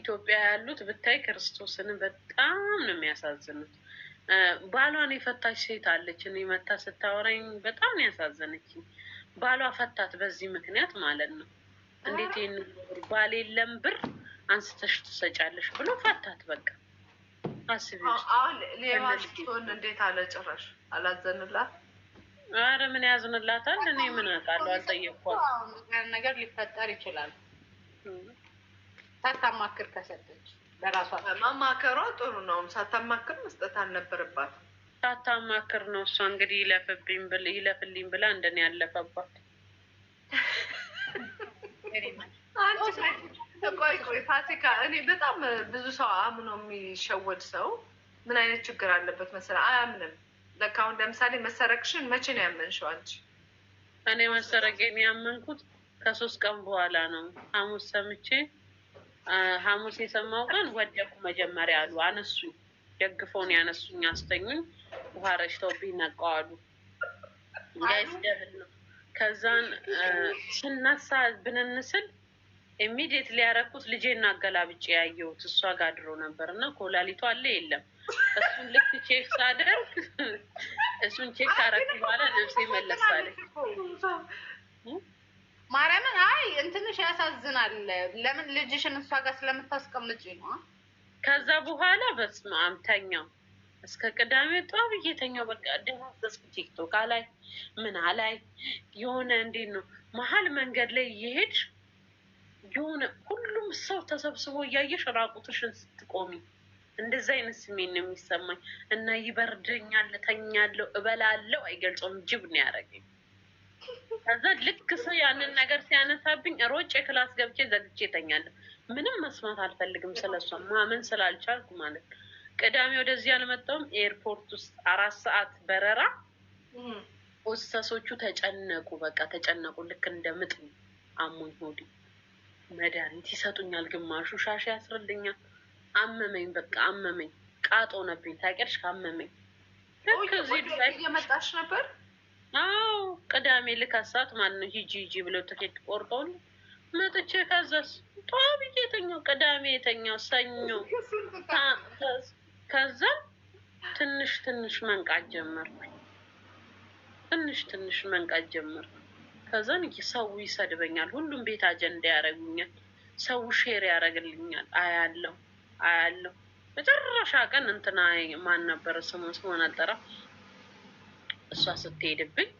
ኢትዮጵያ ያሉት ብታይ ክርስቶስን በጣም ነው የሚያሳዝኑት። ባሏን የፈታች ሴት አለች። እኔ መታ ስታወራኝ በጣም ያሳዘነችኝ ባሏ ፈታት፣ በዚህ ምክንያት ማለት ነው። እንዴት ይህን ብር ባል የለም ብር አንስተሽ ትሰጫለሽ ብሎ ፈታት። በቃ አስቢ። አሁን እንዴት አለ ጭራሽ አላዘንላት። አረ ምን ያዝንላታል? እኔ ምን አውቃለሁ፣ አልጠየኳት። ነገር ሊፈጠር ይችላል ሳታማክር ከሰጠች በራሷ ማማከሯ ጥሩ ነው። ሳታማክር መስጠት አልነበረባትም። ሳታማክር ነው እሷ እንግዲህ ይለፍልኝ ብላ እንደን ያለፈባት። ቆይ ቆይ ፋሲካ፣ እኔ በጣም ብዙ ሰው አምኖ የሚሸወድ ሰው ምን አይነት ችግር አለበት መሰለህ? አያምንም። ለካ አሁን ለምሳሌ መሰረቅሽን መቼ ነው ያመንሽው አንቺ? እኔ መሰረቄን ያመንኩት ከሶስት ቀን በኋላ ነው ሐሙስ ሰምቼ ሐሙስ የሰማው ቀን ወደቁ መጀመሪያ አሉ። አነሱ ደግፈውን ያነሱኝ አስተኙኝ። ውሃ ረጭተውብኝ ነቃው አሉ። ከዛን ስነሳ ብንንስል ኢሚዲየት ሊያረኩት ልጄና አገላብጬ ያየሁት እሷ ጋር ድሮ ነበር እና ኮላሊቷ አለ የለም። እሱን ልክ ቼክ ሳደርግ እሱን ቼክ ካረኩ በኋላ ነፍሴ መለሳለች። ማርያምን አይ እንትንሽ ያሳዝናል። ለምን ልጅሽን እሷ ጋር ስለምታስቀምጭ ነው። ከዛ በኋላ በስመ አብ ተኛው እስከ ቅዳሜ ጠዋት እየተኛው በቃ ደረሰስኩ። ቲክቶክ አላይ ምን አላይ የሆነ እንዴት ነው መሀል መንገድ ላይ እየሄድሽ የሆነ ሁሉም ሰው ተሰብስቦ እያየሽ ራቁትሽን ስትቆሚ እንደዛ አይነት ስሜት ነው የሚሰማኝ እና ይበርደኛል፣ ተኛለው፣ እበላለው አይገልጸውም። ጅብ ነው ያደረገኝ። ከዛ ልክ ሰው ያንን ነገር ሲያነሳብኝ ሮጬ ክላስ ገብቼ ዘግቼ እተኛለሁ። ምንም መስማት አልፈልግም ስለሷ ማመን ስላልቻልኩ ማለት ነው። ቅዳሜ ወደዚህ አልመጣሁም። ኤርፖርት ውስጥ አራት ሰዓት በረራ ኦሰሶቹ ተጨነቁ። በቃ ተጨነቁ። ልክ እንደምጥ ምጥ አሞኝ ሆዴ መድኃኒት ይሰጡኛል። ግማሹ ሻሽ ያስርልኛል። አመመኝ፣ በቃ አመመኝ። ቃጦ ነብኝ ታውቂያለሽ። ካመመኝ ከዚህ እየመጣሽ ነበር አዎ ቅዳሜ ልከሳት ማለት ነው። ሂጂ ሂጂ ብለው ትኬት ቆርጦል መጥቼ ከዛስ ጠዋብ የተኛው ቅዳሜ የተኛው ሰኞ ከዛ ትንሽ ትንሽ መንቃት ጀመርኩኝ። ትንሽ ትንሽ መንቃት ጀመርኩ። ከዛን ሰው ይሰድበኛል። ሁሉም ቤት አጀንዳ ያደረጉኛል። ሰው ሼር ያደረግልኛል። አያለሁ አያለሁ መጨረሻ ቀን እንትና ማን ነበረ ስሙን ስሆን አልጠራም እሷ ስትሄድብኝ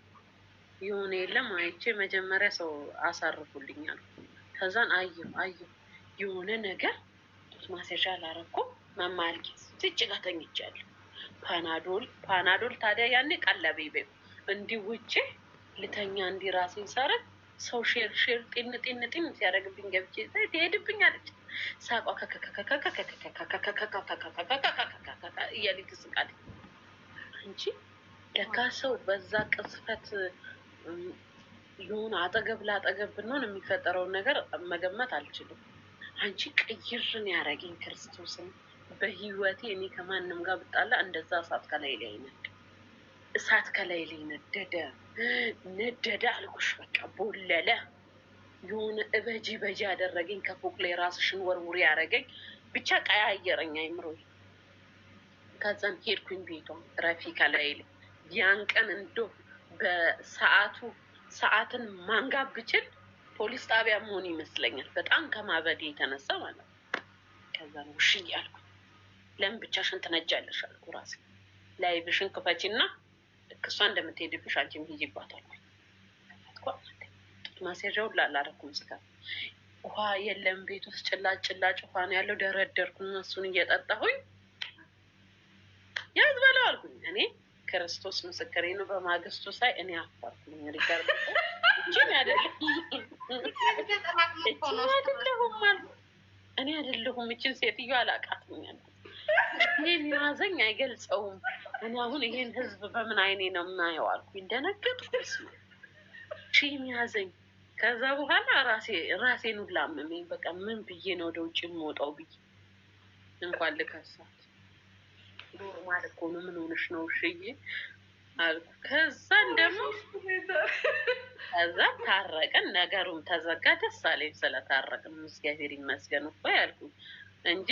የሆነ የለም አይቼ መጀመሪያ ሰው አሳርፉልኛል። ከዛን አየሁ አየሁ የሆነ ነገር ጡት ማስያዣ አላረኩም። መማልኪ ስጭ ጋር ተኝቻለሁ። ፓናዶል ፓናዶል ታዲያ ያኔ ቀለበ ይበ እንዲህ ውጭ ልተኛ እንዲህ ራሴን ሰረት ሰው ሼር ሼር ጤን ጤን ጤን ሲያደርግብኝ ገብቼ ትሄድብኝ አለች። ሳቋ እያለች ለካ ሰው በዛ ቅጽበት የሆነ አጠገብ ለአጠገብ ብንሆን የሚፈጠረውን ነገር መገመት አልችልም። አንቺ ቀይርን ያደረገኝ ክርስቶስን በህይወቴ እኔ ከማንም ጋር ብጣላ እንደዛ እሳት ከላይ ላይ ነድ እሳት ከላይ ላይ ነደደ ነደደ አልኩሽ። በቃ ቦለለ የሆነ እበጂ በጂ ያደረገኝ ከፎቅ ላይ ራስሽን ወርውሪ ያደረገኝ ብቻ ቀያየረኝ አይምሮዬ። ከዛም ሄድኩኝ ቤቷ ረፊ ከላይ ላይ ያን ቀን እንዶ በሰዓቱ ሰዓትን ማንጋብ ብችል ፖሊስ ጣቢያ መሆን ይመስለኛል። በጣም ከማበድ የተነሳ ማለት ነው። ከዛ ነው ውሽ አልኩኝ። ለምን ብቻሽን ትነጃለሽ አልኩ። ራሴ ላይብሽን ክፈቺና ልክ እሷ እንደምትሄድብሽ አንቺም ሂጂባት አልኩኝ። ማስያዣው ላላረኩም ስጋ ውሃ የለም ቤት ውስጥ ጭላጭ ጭላጭ ውሃ ነው ያለው። ደረደርኩ እሱን እየጠጣሁኝ ያዝ በለው አልኩኝ እኔ ክርስቶስ ምስክሬ ነው። በማግስቱ ሳይ እኔ አፋርኩኝ። ሪጋር እችን አይደለሁም እኔ አይደለሁም እችን ሴትዮ አላቃትም ያለ ይህን የያዘኝ አይገልጸውም። እኔ አሁን ይሄን ህዝብ በምን አይኔ ነው የማየው አልኩኝ። ደነገጥኩ። ስማ ሺህም ያዘኝ። ከዛ በኋላ ራሴ ራሴን ሁላ አመመኝ። በቃ ምን ብዬ ነው ወደ ውጭ የምወጣው ብዬ እንኳን ልከሳት ኖርማል እኮ ነው። ምን ሆነሽ ነው ሽዬ አልኩ። ከዛን ደግሞ ከዛ ታረቅን፣ ነገሩም ተዘጋ። ደስ አለኝ ስለታረቅን፣ እግዚአብሔር ይመስገን እኮ ያልኩ እንጂ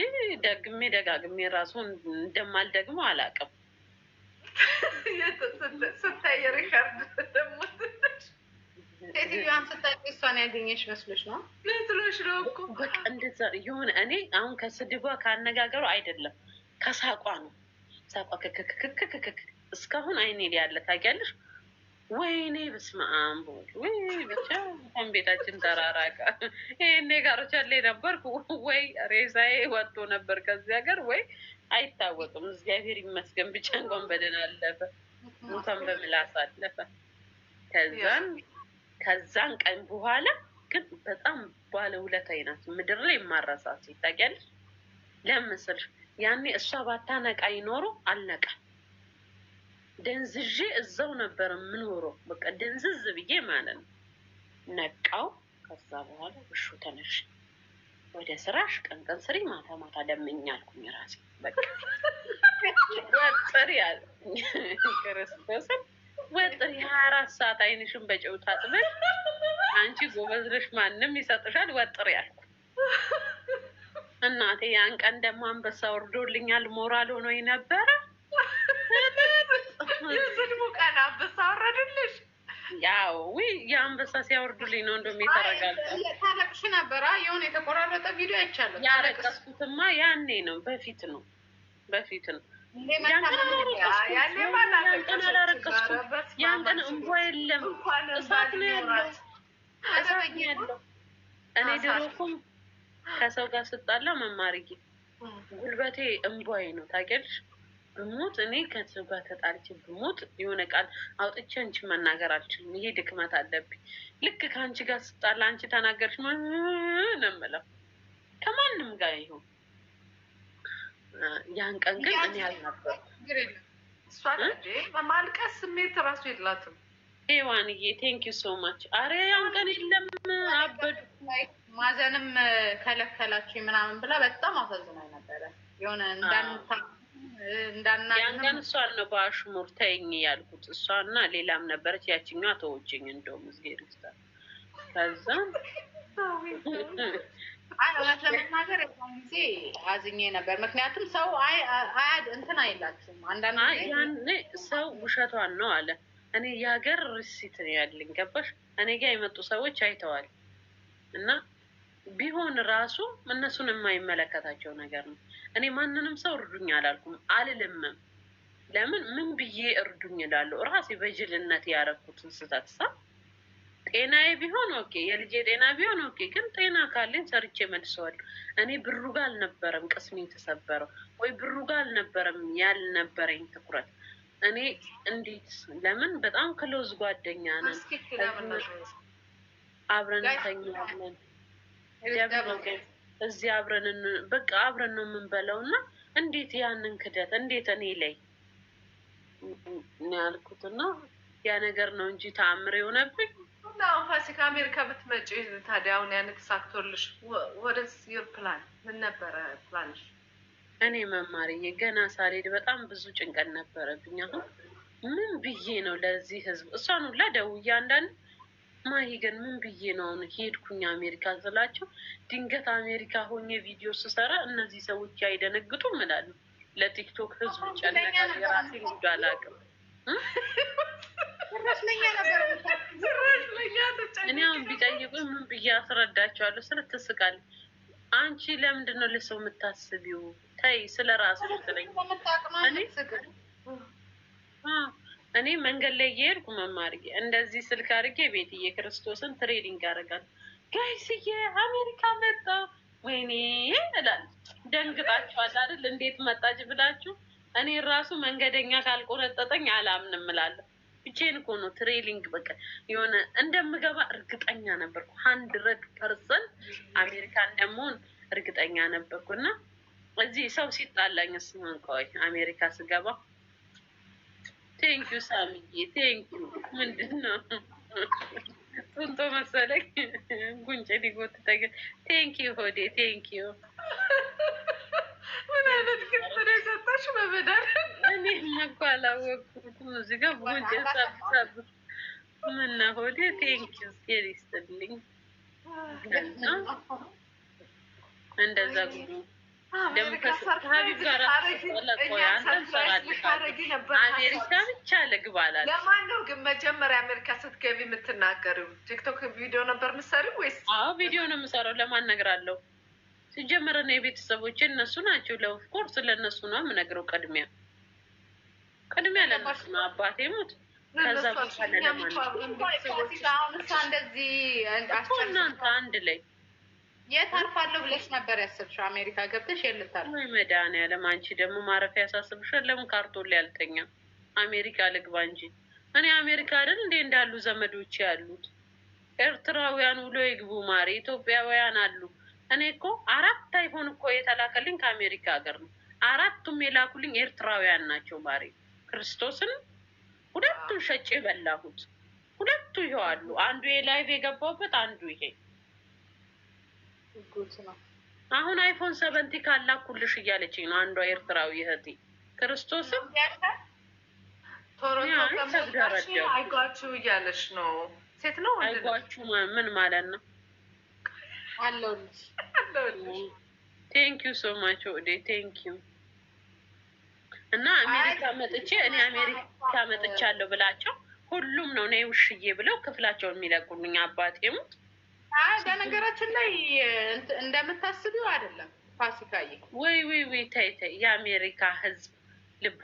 ደግሜ ደጋግሜ ራሱ እንደማልደግመው አላውቅም። ስታይ ሪካርድ ደግሞ ሴትዮዋን ስታውቂ እሷን ያገኘሽ መስሎሽ ነው መስሎሽ ነው እኮ በቃ እንደዛ የሆነ እኔ አሁን ከስድቧ ከአነጋገሩ አይደለም ከሳቋ ነው ሳቋ እስካሁን አይኔ ላይ ያለ ታውቂያለሽ። ወይኔ በስመ አብ ወይ ብቻ ቤታችን ተራራቀ። ይሄኔ ጋሮቻሌ ነበርኩ ወይ ሬሳዬ ወጥቶ ነበር ከዚህ ሀገር ወይ አይታወቅም። እግዚአብሔር ይመስገን ብቻ እንኳን በደህና አለፈ፣ በምላስ አለፈ። ከዛን ከዛን ቀን በኋላ ግን በጣም ባለውለታዬ ናት። ምድር ላይ ያኔ እሷ ባታነቃ ይኖሩ አልነቃ ደንዝዤ እዛው ነበር የምኖረው። በቃ ደንዝዝ ብዬ ማለት ነው። ነቃው። ከዛ በኋላ እሹ ተነሽ ወደ ስራሽ፣ ቀን ቀን ስሪ፣ ማታ ማታ ደመኛ አልኩኝ ራሴ ወጥር ያለ ክርስቶስን ወጥር የሀያ አራት ሰዓት አይንሽን በጨው ታጥበሽ አንቺ ጎበዝ ነሽ፣ ማንም ይሰጥሻል፣ ወጥር ያልኩ እናቴ ያን ቀን ደግሞ አንበሳ ወርዶልኛል። ሞራል ሆኖ ነበረ። የዝድሙ ቀን አንበሳ ወረድልሽ? ያው የአንበሳ ሲያወርዱልኝ ነው እንደውም የተረጋጋሁ። ታለቅሽ ነበረ? የሆነ የተቆራረጠ ቪዲዮ አይቻለሁ። ያረቀስኩትማ ያኔ ነው፣ በፊት ነው፣ በፊት ነው። ያን የለም፣ እሳት ነው ያለው፣ እኔ ድሮ እኮ ከሰው ጋር ስጣላ መማርጌ ጉልበቴ እምቧዬ ነው ታውቂያለሽ። ብሞት እኔ ከሰው ጋር ተጣልቼ ብሞት የሆነ ቃል አውጥቼ አንቺ መናገር አልችልም። ይሄ ድክመት አለብኝ። ልክ ከአንቺ ጋር ስጣላ አንቺ ተናገርሽ ነው የምለው ከማንም ጋር ይሁን። ያን ቀን ግን እኔ አልነበርኩም። ማልቀስ ስሜት ራሱ የላትም። ዋንዬ ቴንኪዩ ሶ ማች። አረ ያን ቀን የለም አበዱ ማዘንም ከለከላችሁ ምናምን ብላ በጣም አሳዝናኝ ነበረ። የሆነ እንዳናያን እሷ ነው በአሽሙር ተይኝ ያልኩት። እሷና ሌላም ነበረች። ያችኛ ተወችኝ እንደውም እግዜር ይመስገን። ከዛ እውነት ለመናገር ጊዜ አዝኜ ነበር። ምክንያቱም ሰው አያድ እንትን አይላችሁም። አንዳንድ ያኔ ሰው ውሸቷን ነው አለ። እኔ የሀገር ሪሲት ነው ያለኝ ገባሽ። እኔ ጋር የመጡ ሰዎች አይተዋል እና ቢሆን ራሱ እነሱን የማይመለከታቸው ነገር ነው። እኔ ማንንም ሰው እርዱኝ አላልኩም አልልምም። ለምን ምን ብዬ እርዱኝ እላለሁ? ራሴ በጅልነት ያደረኩትን ስህተት ሳ ጤናዬ ቢሆን ኦኬ፣ የልጄ ጤና ቢሆን ኦኬ። ግን ጤና ካለኝ ሰርቼ መልሰዋለሁ። እኔ ብሩ ጋር አልነበረም ቅስሜ የተሰበረው ወይ ብሩ ጋር አልነበረም ያልነበረኝ ትኩረት እኔ እንዴት ለምን በጣም ክሎዝ ጓደኛ ነን አብረን ተኛለን እዚህ አብረን በቃ አብረን ነው የምንበለው እና እንዴት ያንን ክደት እንዴት እኔ ላይ ያልኩት እና ያ ነገር ነው እንጂ ተአምር የሆነብኝ። አሁን ፋሲካ አሜሪካ ብትመጪ ታዲያ አሁን ያን ተሳክቶልሽ ወደስ ዩር ፕላን ምን ነበረ ፕላንሽ? እኔ መማርዬ ገና ሳልሄድ በጣም ብዙ ጭንቀት ነበረብኝ። አሁን ምን ብዬ ነው ለዚህ ህዝብ እሷን ሁላ ደውዬ አንዳንድ ግን ምን ብዬ ነው አሁን ሄድኩኝ አሜሪካ ስላቸው፣ ድንገት አሜሪካ ሆኜ ቪዲዮ ስሰራ እነዚህ ሰዎች አይደነግጡም? ምላሉ። ለቲክቶክ ህዝብ ጨነቃል። የራሴ ጉድ አላውቅም። እኔ አሁን ቢጠይቁኝ ምን ብዬ አስረዳቸዋለሁ? ስለ ትስቃል። አንቺ ለምንድን ነው ለሰው የምታስቢው? ተይ ስለ ራሱ ስለኝ እኔ መንገድ ላይ እየሄድኩ መማር እንደዚህ ስልክ አድርጌ ቤት እየክርስቶስን ትሬዲንግ ያደርጋል ጋይስዬ አሜሪካ መጣ ወይኔ እላለሁ። ደንግጣችኋል አይደል? እንዴት መጣች ብላችሁ እኔ ራሱ መንገደኛ ካልቆነጠጠኝ አላምንም እላለሁ። ብቻዬን እኮ ነው ትሬሊንግ በቃ የሆነ እንደምገባ እርግጠኛ ነበርኩ። ሀንድረድ ፐርሰንት አሜሪካ እንደመሆን እርግጠኛ ነበርኩ እና እዚህ ሰው ሲጣላኝ ስሆን ቆይ አሜሪካ ስገባ ቴንኪዩ ሳሚዬ ቴንኪዩ ምንድን ነው ጡንጦ መሰለኝ ጉንጭ ሊጎትተ ቴንኪዩ ሆዴ፣ ቴንኪዩ ምን አይነት ግብት ነው የሰጠሽ? በበደል እኔም እኮ አላወቅኩም። እዚህ ጋር ጉንጭ ሳብሳብ ምና ሆዴ፣ ቴንኪዩ ይስጥልኝ። እንደዛ ጉ አሜሪካ ብቻ ለግብ አላለም። ለማንኛውም ግን መጀመሪያ አሜሪካ ስትገቢ የምትናገሪው ቲክቶክ ቪዲዮ ነበር የምትሰሪው ወይስ? አዎ ቪዲዮ ነው የምሰራው። ለማን እነግራለሁ? ሲጀመር ነው የቤተሰቦቼ እነሱ ናቸው። ለኦፍኮርስ ለእነሱ ነው የምነግረው። ቅድሚያ ቅድሚያ ለእነሱ ነው። አባቴ ሞት ከዛ በኋላ ለማን ነው? እኮ እናንተ አንድ ላይ የት አርፋለሁ ብለሽ ነበር ያሰብሽው? አሜሪካ ገብተሽ የልታል መድኃኒዓለም። አንቺ ደግሞ ማረፊያ ያሳስብሻል። ለምን ካርቶን ላይ አልተኛም? አሜሪካ ልግባ እንጂ እኔ አሜሪካ አይደል እንዴ እንዳሉ ዘመዶች ያሉት ኤርትራውያን ውሎ ይግቡ ማሪ፣ ኢትዮጵያውያን አሉ። እኔ እኮ አራት አይሆን እኮ የተላከልኝ ከአሜሪካ ሀገር ነው። አራቱም የላኩልኝ ኤርትራውያን ናቸው ማሪ። ክርስቶስን ሁለቱን ሸጬ በላሁት። ሁለቱ ይኸው አሉ። አንዱ የላይቭ የገባውበት አንዱ ይሄ አሁን አይፎን ሰቨንቲ ካላኩልሽ እያለችኝ ነው አንዷ ኤርትራዊ እህቴ። ክርስቶስም አይጓችሁ እያለች ነው። ሴት ነው አይጓችሁ ምን ማለት ነው? ቴንክ ዩ ሶ ማች ኦዴ ቴንክ ዩ እና አሜሪካ መጥቼ እኔ አሜሪካ መጥቻለሁ ብላቸው ሁሉም ነው እኔ ውሽዬ ብለው ክፍላቸውን የሚለቁልኝ አባቴ ሙት በነገራችን ላይ እንደምታስቢው አይደለም ፋሲካዬ። ወይ ወይ ወይ ተይ ተይ፣ የአሜሪካ ህዝብ ልቡ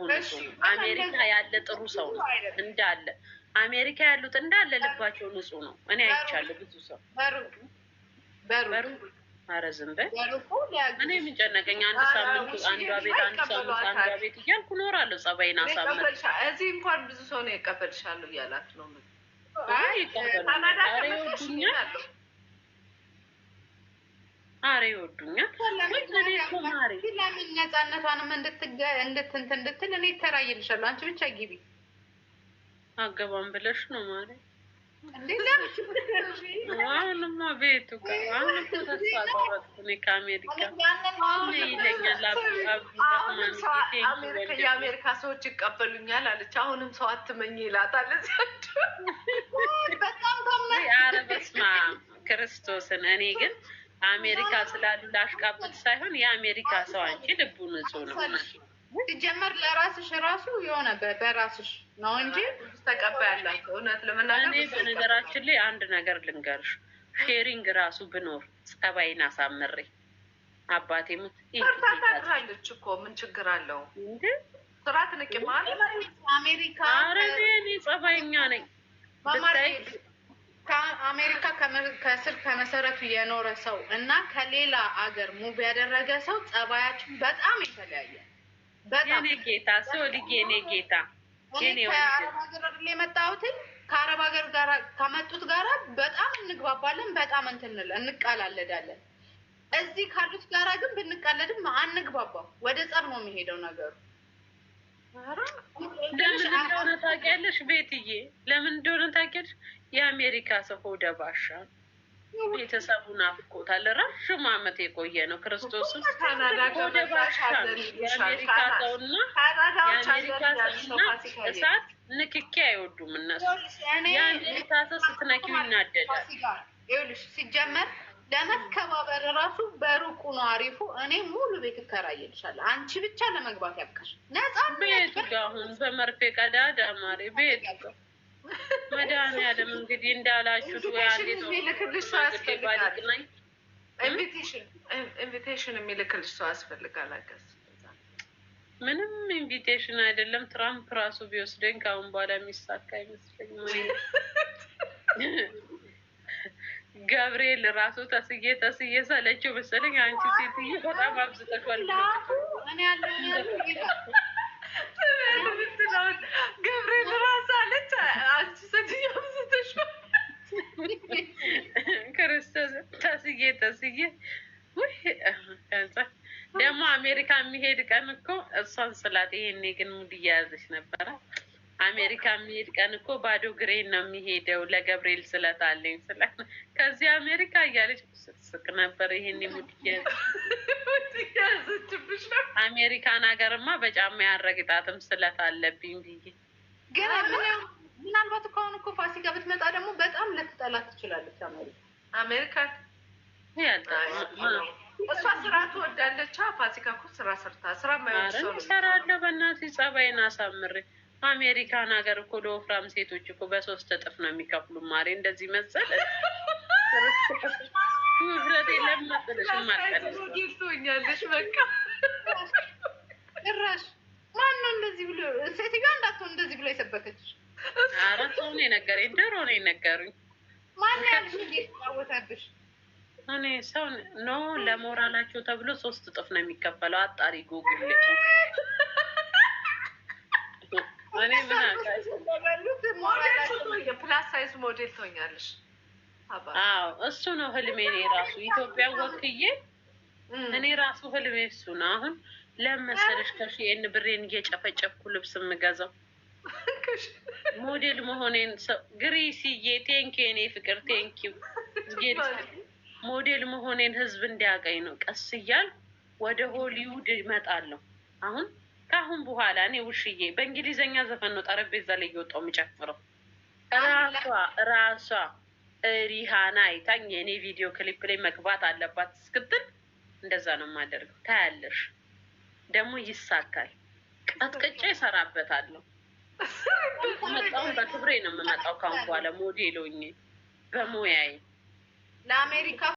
አሜሪካ ያለ ጥሩ ሰው ነው እንዳለ አሜሪካ ያሉት እንዳለ ልባቸው ንጹህ ነው። እኔ አይቻለሁ ብዙ ሰው በሩ ኧረ ዝም በይ። እኔ የምንጨነቀኝ አንድ ሳምንቱ አንዷ ቤት አንድ ሳምንት አንዷ ቤት እያልኩ እኖራለሁ። ጸባይን አሳመን እዚህ እንኳን ብዙ ሰው ነው የቀበልሻለሁ እያላት ነው። ይቀበሉ ይወዱኛል አረ ይወዱኛል። ለምን ነፃነቷንም እንድትንት እንድትል እኔ ይተራይልሻለሁ። አንቺ ብቻ ግቢ አገባም ብለሽ ነው ማሬ። አሁንማ ቤቱ ጋር የአሜሪካ ሰዎች ይቀበሉኛል አለች። አሁንም ሰው አትመኝ ይላታል። ኧረ በስመ አብ ክርስቶስን እኔ ግን አሜሪካ ስላሉ ላሽቃብጥ ሳይሆን የአሜሪካ ሰው አንቺ ልቡ ንጹህ ነው። ሲጀመር ለራስሽ ራሱ የሆነ በራስሽ ነው እንጂ ተቀባያላቸው። እውነት ለመናገር እኔ በነገራችን ላይ አንድ ነገር ልንገርሽ፣ ሼሪንግ ራሱ ብኖር ጸባይን አሳምሬ አባቴ ሙት ታድራለች እኮ ምን ችግር አለው? ስራ ትንቅ ማለት አሜሪካ። ኧረ እኔ ጸባይኛ ነኝ። ከአሜሪካ ከስር ከመሰረቱ የኖረ ሰው እና ከሌላ አገር ሙቭ ያደረገ ሰው ጸባያችን በጣም የተለያየ። የኔ ጌታ ሶልጌ ጌታ ከአረብ ሀገር ከአረብ ሀገር ጋር ከመጡት ጋር በጣም እንግባባለን፣ በጣም እንትንል እንቀላለዳለን። እዚህ ካሉት ጋራ ግን ብንቀለድም አንግባባ፣ ወደ ጸብ ነው የሚሄደው ነገሩ። ለምን እንደሆነ ታውቂያለሽ? ቤትዬ ለምን እንደሆነ ታውቂያለሽ? የአሜሪካ ሰው ሆደ ባሻ ቤተሰቡን አፍቆታል። ረዥም የቆየ ነው። ክርስቶስም ሆደ ባሻ የአሜሪካ ሰውና የአሜሪካ ሰውና እሳት ንክኪ አይወዱም እነሱ። የአሜሪካ ሰው ስትነኪው ይናደዳል። ሲጀመር ለመከባበር ራሱ በሩቁ ነው አሪፉ። እኔ ሙሉ ቤት እከራይልሻለሁ፣ አንቺ ብቻ ለመግባት ያብቃሽ። ነጻ ቤት አሁን በመርፌ ቀዳዳ ማሬ ቤት መድኃኒዓለም እንግዲህ እንዳላችሁት ኢንቪቴሽን የሚልክልሽ ሰው ያስፈልጋል። አገዝ ምንም ኢንቪቴሽን አይደለም። ትራምፕ ራሱ ቢወስደኝ ከአሁን በኋላ የሚሳካ አይመስለኝም። ገብርኤል ራሱ ተስዬ ተስዬ ሰለችው መሰለኝ። አንቺ ሴትዬ በጣም አብዝተሻል። ገብርኤል ራሱ አለች አንቺ ሴትዬ አብዝተሻል። ክርስቶስ ተስዬ ተስዬ ደግሞ አሜሪካ የሚሄድ ቀን እኮ እሷን ስላት፣ ይሄኔ ግን ሙድ እያያዘች ነበረ አሜሪካ የሚሄድ ቀን እኮ ባዶ ግሬን ነው የሚሄደው። ለገብርኤል ስለታለኝ ስለ ከዚህ አሜሪካ እያለች ስቅ ነበር። ይሄን ሙድያዝችብሽ ነው። አሜሪካን ሀገርማ በጫማ ያረግጣትም ስለት አለብኝ ብዬ ምናልባት ከሆኑ እኮ ፋሲካ ብትመጣ ደግሞ በጣም ልትጠላት ትችላለች። አሜሪካ አሜሪካ እሷ ስራ ትወዳለች። ፋሲካ እኮ ስራ ሰርታ ስራ ማይወድ ሰራለሁ። በእናትህ ጸባይን አሳምሬ አሜሪካን ሀገር እኮ ለወፍራም ሴቶች እኮ በሶስት እጥፍ ነው የሚከፍሉ። ማሬ እንደዚህ መሰል ውፍረት የለም መሰለሽም በቃ ጭራሽ ማነው እንደዚህ ብሎ ሴትዮዋ እንዳትሆን እንደዚህ ብሎ የሰበከች? ኧረ ሰው ነው የነገረኝ፣ ድሮ ነው የነገሩኝ። ማነው ያልሽኝ? እንዴት እኔ ሰው ኖ ለሞራላቸው ተብሎ ሶስት እጥፍ ነው የሚከፈለው። አጣሪ ጎግል ፕላስ ሳይዝ ሞዴል ትሆኛለሽ። እሱ ነው ህልሜ። እኔ ራሱ ኢትዮጵያ ወክዬ እኔ ራሱ ህልሜ እሱ ነው። አሁን ለመሰለሽ ከሽን ብሬን እየጨፈጨፍኩ ልብስ የምገዛው ሞዴል መሆኔን ሰው ግሪሲዬ፣ ቴንኪው የኔ ፍቅር ቴንኪው። ሞዴል መሆኔን ህዝብ እንዲያቀኝ ነው። ቀስ እያል ወደ ሆሊውድ እመጣለሁ አሁን ከአሁን በኋላ እኔ ውሽዬ በእንግሊዝኛ ዘፈን ነው ጠረጴዛ ላይ እየወጣው የሚጨፍረው። ራሷ ራሷ ሪሃና አይታኝ የእኔ ቪዲዮ ክሊፕ ላይ መግባት አለባት እስክትል እንደዛ ነው የማደርገው። ታያለሽ ደግሞ ይሳካል። ቀጥቅጬ እሰራበታለሁ። መጣሁን በክብሬ ነው የምመጣው። ካሁን በኋላ ሞዴል ሆኜ በሙያዬ ለአሜሪካ